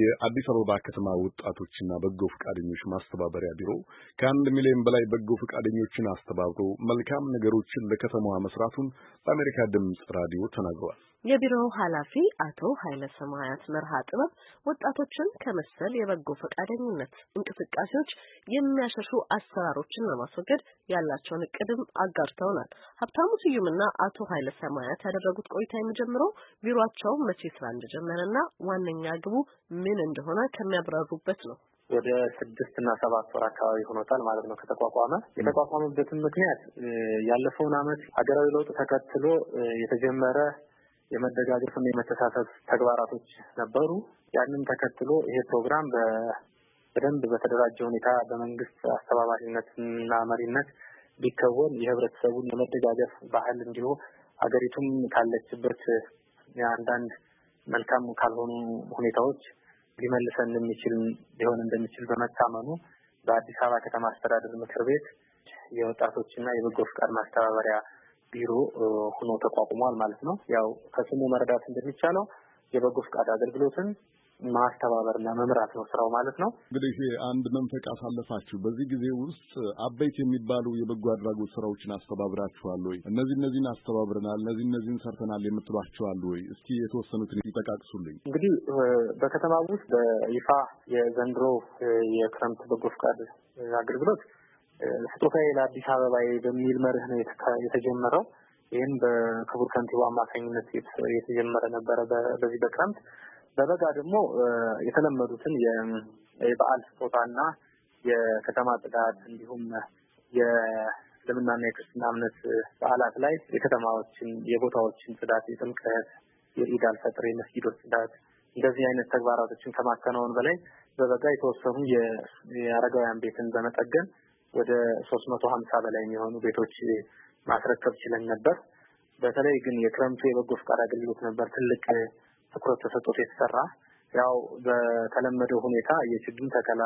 የአዲስ አበባ ከተማ ወጣቶችና በጎ ፈቃደኞች ማስተባበሪያ ቢሮ ከአንድ ሚሊዮን በላይ በጎ ፈቃደኞችን አስተባብሮ መልካም ነገሮችን ለከተማዋ መስራቱን ለአሜሪካ ድምፅ ራዲዮ ተናግሯል። የቢሮው ኃላፊ አቶ ኃይለ ሰማያት መርሃ ጥበብ ወጣቶችን ከመሰል የበጎ ፈቃደኝነት እንቅስቃሴዎች የሚያሸሹ አሰራሮችን ለማስወገድ ያላቸውን እቅድም አጋርተውናል። ሀብታሙ ስዩምና አቶ ኃይለ ሰማያት ያደረጉት ቆይታ የሚጀምረው ቢሮቸው መቼ ስራ እንደጀመረና ዋነኛ ግቡ ምን እንደሆነ ከሚያብራሩበት ነው። ወደ ስድስት እና ሰባት ወር አካባቢ ሆኖታል ማለት ነው ከተቋቋመ። የተቋቋመበትም ምክንያት ያለፈውን ዓመት ሀገራዊ ለውጥ ተከትሎ የተጀመረ የመደጋገፍና የመተሳሰብ ተግባራቶች ነበሩ። ያንን ተከትሎ ይሄ ፕሮግራም በደንብ በተደራጀ ሁኔታ በመንግስት አስተባባሪነትና መሪነት ቢከወን የህብረተሰቡን የመደጋገፍ ባህል እንዲሁ ሀገሪቱም ካለችበት የአንዳንድ መልካም ካልሆኑ ሁኔታዎች ሊመልሰን እንደሚችል ሊሆን እንደሚችል በመታመኑ በአዲስ አበባ ከተማ አስተዳደር ምክር ቤት የወጣቶችና የበጎ ፍቃድ ማስተባበሪያ ቢሮ ሆኖ ተቋቁሟል ማለት ነው። ያው ከስሙ መረዳት እንደሚቻለው የበጎ ፍቃድ አገልግሎትን ማስተባበርና መምራት ነው ስራው ማለት ነው። እንግዲህ አንድ መንፈቅ አሳለፋችሁ። በዚህ ጊዜ ውስጥ አበይት የሚባሉ የበጎ አድራጎት ስራዎችን አስተባብራችኋል ወይ? እነዚህ እነዚህን አስተባብረናል፣ እነዚህ እነዚህን ሰርተናል የምትሏቸዋል ወይ? እስኪ የተወሰኑትን ይጠቃቅሱልኝ። እንግዲህ በከተማ ውስጥ በይፋ የዘንድሮ የክረምት በጎ ፍቃድ አገልግሎት ስጦታዬ ለአዲስ አበባ በሚል መርህ ነው የተጀመረው። ይህም በክቡር ከንቲባ አማካኝነት የተጀመረ ነበረ በዚህ በክረምት። በበጋ ደግሞ የተለመዱትን የበዓል ስጦታና የከተማ ጽዳት እንዲሁም የእስልምናና የክርስትና እምነት በዓላት ላይ የከተማዎችን የቦታዎችን ጽዳት፣ የጥምቀት፣ የኢድ አልፈጥር፣ የመስጊዶች ጽዳት እንደዚህ አይነት ተግባራቶችን ከማከናወን በላይ በበጋ የተወሰኑ የአረጋውያን ቤትን በመጠገን ወደ ሶስት መቶ ሀምሳ በላይ የሚሆኑ ቤቶች ማስረከብ ችለን ነበር። በተለይ ግን የክረምቱ የበጎ ፈቃድ አገልግሎት ነበር ትልቅ ትኩረት ተሰጥቶት የተሰራ። ያው በተለመደው ሁኔታ የችግኝ ተከላ፣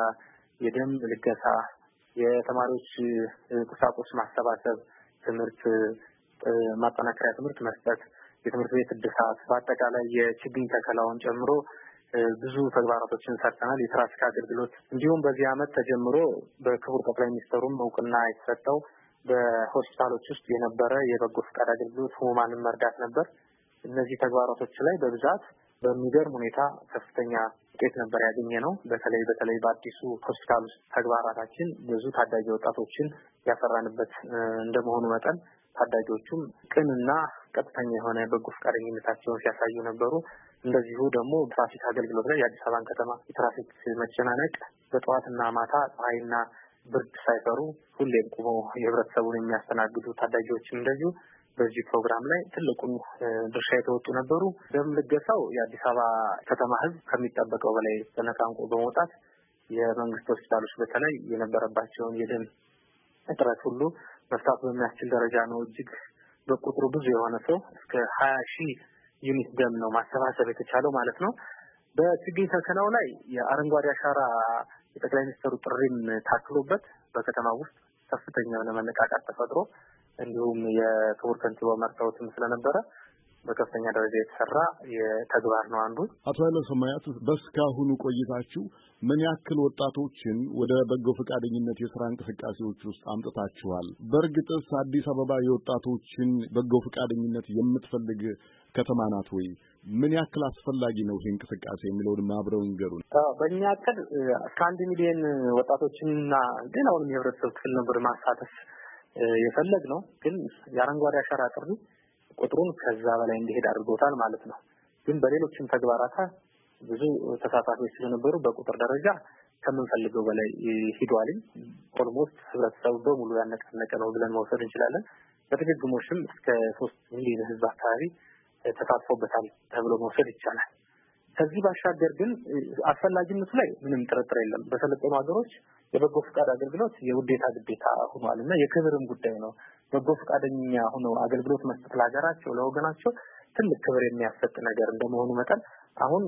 የደም ልገሳ፣ የተማሪዎች ቁሳቁስ ማሰባሰብ፣ ትምህርት ማጠናከሪያ ትምህርት መስጠት፣ የትምህርት ቤት እድሳት፣ በአጠቃላይ የችግኝ ተከላውን ጨምሮ ብዙ ተግባራቶችን ሰርተናል። የትራፊክ አገልግሎት እንዲሁም በዚህ ዓመት ተጀምሮ በክቡር ጠቅላይ ሚኒስትሩም እውቅና የተሰጠው በሆስፒታሎች ውስጥ የነበረ የበጎ ፈቃድ አገልግሎት ህሙማንን መርዳት ነበር። እነዚህ ተግባራቶች ላይ በብዛት በሚገርም ሁኔታ ከፍተኛ ውጤት ነበር ያገኘ ነው። በተለይ በተለይ በአዲሱ ሆስፒታል ውስጥ ተግባራታችን ብዙ ታዳጊ ወጣቶችን ያፈራንበት እንደመሆኑ መጠን ታዳጊዎቹም ቅንና ቀጥተኛ የሆነ በጎ ፈቃደኝነታቸውን ሲያሳዩ ነበሩ። እንደዚሁ ደግሞ ትራፊክ አገልግሎት ላይ የአዲስ አበባን ከተማ የትራፊክ መጨናነቅ በጠዋትና ማታ ፀሐይና ብርድ ሳይፈሩ ሁሌም ቁመው የህብረተሰቡን የሚያስተናግዱ ታዳጊዎችም እንደዚሁ በዚህ ፕሮግራም ላይ ትልቁን ድርሻ የተወጡ ነበሩ። ደም የአዲስ አበባ ከተማ ህዝብ ከሚጠበቀው በላይ ተነቃንቆ በመውጣት የመንግስት ሆስፒታሎች በተለይ የነበረባቸውን የደም እጥረት ሁሉ መፍታት በሚያስችል ደረጃ ነው። እጅግ በቁጥሩ ብዙ የሆነ ሰው እስከ ሀያ ሺህ ዩኒት ደም ነው ማሰባሰብ የተቻለው ማለት ነው። በችግኝ ተከላው ላይ የአረንጓዴ አሻራ የጠቅላይ ሚኒስትሩ ጥሪም ታክሎበት በከተማ ውስጥ ከፍተኛ የሆነ መነቃቃት ተፈጥሮ እንዲሁም የክቡር ከንቲባ መርታውትም ስለነበረ በከፍተኛ ደረጃ የተሰራ ተግባር ነው አንዱ። አቶ ኃይለ ሰማያት በስካሁኑ ቆይታችሁ ምን ያክል ወጣቶችን ወደ በጎ ፈቃደኝነት የስራ እንቅስቃሴዎች ውስጥ አምጥታችኋል? በእርግጥስ አዲስ አበባ የወጣቶችን በጎ ፈቃደኝነት የምትፈልግ ከተማ ናት ወይ? ምን ያክል አስፈላጊ ነው ይህ እንቅስቃሴ የሚለውን አብረው ይንገሩን። በእኛ እቅድ እስከ አንድ ሚሊዮን ወጣቶችንና ግን አሁንም የህብረተሰብ ክፍል ነበር ማሳተፍ የፈለግ ነው። ግን የአረንጓዴ አሻራ ጥሪ ቁጥሩን ከዛ በላይ እንዲሄድ አድርጎታል ማለት ነው። ግን በሌሎችም ተግባራት ብዙ ተሳታፊዎች ስለነበሩ በቁጥር ደረጃ ከምንፈልገው በላይ ሂዷልኝ። ኦልሞስት ህብረተሰቡ በሙሉ ያነቃነቀ ነው ብለን መውሰድ እንችላለን። በድግግሞሽም እስከ ሶስት ሚሊዮን ህዝብ አካባቢ ተሳትፎበታል ተብሎ መውሰድ ይቻላል። ከዚህ ባሻገር ግን አስፈላጊነቱ ላይ ምንም ጥርጥር የለም። በሰለጠኑ ሀገሮች የበጎ ፈቃድ አገልግሎት የውዴታ ግዴታ ሆኗል እና የክብርም ጉዳይ ነው። በጎ ፈቃደኛ ሆነው አገልግሎት መስጠት ለሀገራቸው ለወገናቸው ትልቅ ክብር የሚያሰጥ ነገር እንደመሆኑ መጠን አሁን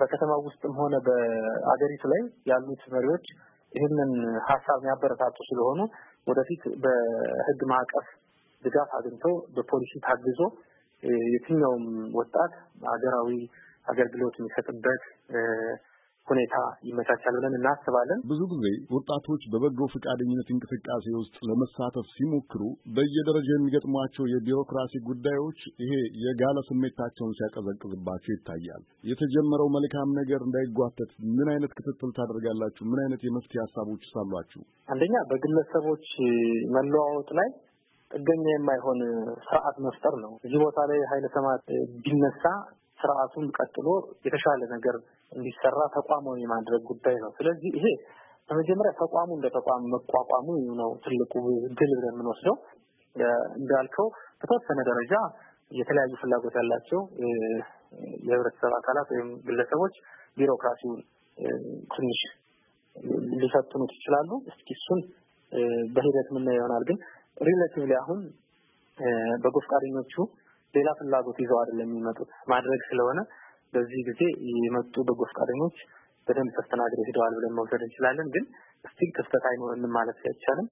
በከተማ ውስጥም ሆነ በአገሪቱ ላይ ያሉት መሪዎች ይህንን ሀሳብ የሚያበረታቱ ስለሆኑ ወደፊት በህግ ማዕቀፍ ድጋፍ አግኝቶ በፖሊሲ ታግዞ የትኛውም ወጣት ሀገራዊ አገልግሎት የሚሰጥበት ሁኔታ ይመቻቻል ብለን እናስባለን። ብዙ ጊዜ ወጣቶች በበጎ ፈቃደኝነት እንቅስቃሴ ውስጥ ለመሳተፍ ሲሞክሩ በየደረጃው የሚገጥሟቸው የቢሮክራሲ ጉዳዮች ይሄ የጋለ ስሜታቸውን ሲያቀዘቅዝባቸው ይታያል። የተጀመረው መልካም ነገር እንዳይጓተት ምን አይነት ክትትል ታደርጋላችሁ? ምን አይነት የመፍትሄ ሀሳቦች አሏችሁ? አንደኛ በግለሰቦች መለዋወጥ ላይ ጥገኛ የማይሆን ስርዓት መፍጠር ነው። እዚህ ቦታ ላይ ኃይለ ሰማት ቢነሳ ስርዓቱን ቀጥሎ የተሻለ ነገር እንዲሰራ ተቋማዊ የማድረግ ጉዳይ ነው። ስለዚህ ይሄ በመጀመሪያ ተቋሙ እንደ ተቋም መቋቋሙ ነው ትልቁ ድል ብለን የምንወስደው። እንዳልከው በተወሰነ ደረጃ የተለያዩ ፍላጎት ያላቸው የህብረተሰብ አካላት ወይም ግለሰቦች ቢሮክራሲውን ትንሽ ሊፈትኑት ይችላሉ። እስኪ እሱን በሂደት የምናየው ይሆናል። ግን ሪሌቲቭሊ አሁን በጎ ፈቃደኞቹ ሌላ ፍላጎት ይዘው አይደለም የሚመጡት ማድረግ ስለሆነ በዚህ ጊዜ የመጡ በጎ ፈቃደኞች በደንብ ተስተናግደው ሄደዋል ብለን መውሰድ እንችላለን። ግን ስቲል ክፍተት አይኖርንም ማለት አይቻልም።